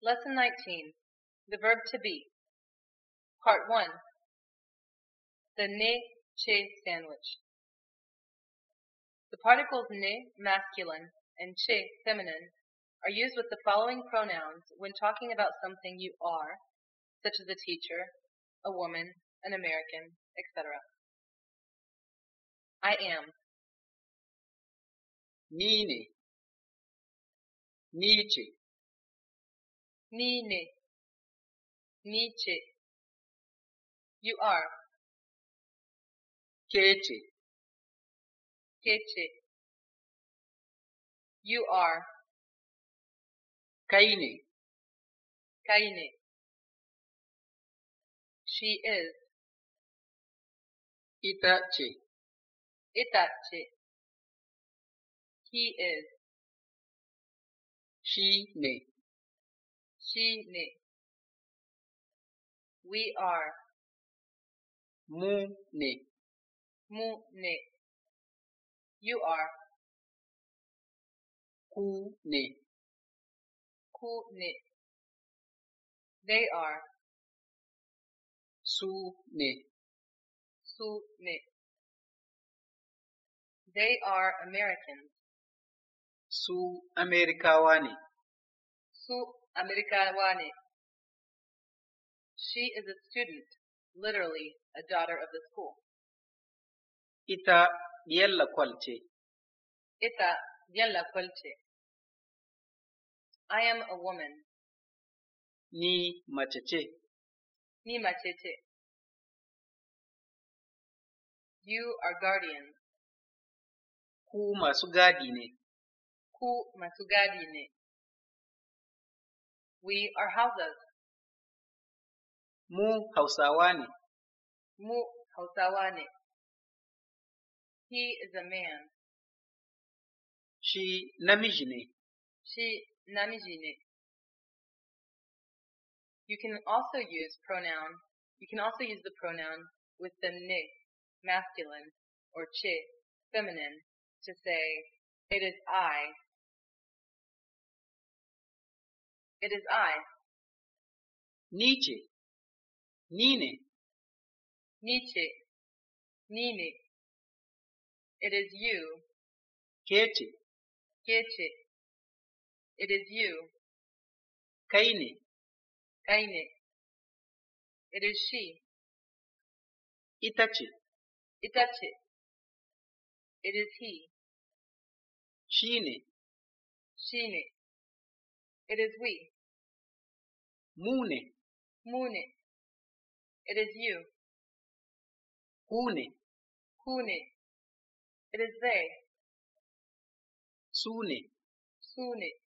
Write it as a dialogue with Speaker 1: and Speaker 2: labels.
Speaker 1: Lesson 19. The Verb to Be. Part 1. The ne che sandwich. The particles ne masculine and che feminine are used with the following pronouns when talking about something you are, such as a teacher, a woman, an American, etc. I am. Nini. Nietzsche. Mine. Niche. You are. Keche. Keche. You are. Kaine. Kaine. She is. Itachi. Itachi. He is. She ne. Chile. We are. Mu ne. You are. Ku ne. They are. Su ne. They are Americans. Su Americawani. Su Americani. She is a student, literally a daughter of the school. Ita diyan kwalche. Ita diyan kwalche. I am a woman. Ni mace Ni mace You are guardians. Ku masu Ku masu ne. We are houses. Mu Hausawa Mu Hausawa He is a man. She namiji She namiji You can also use pronoun. You can also use the pronoun with the ni, masculine, or chi, feminine, to say, it is I It is I. Nietzsche. Nini. Nietzsche. Nini. It is you. Kechi. Kechi. It is you. Kaini. Kaini. It is she. Itachi. Itachi. It is he. Shine. Shine. It is we. Mune. Mune. It is you. Kune. Kune. It is they. Sune. Sune.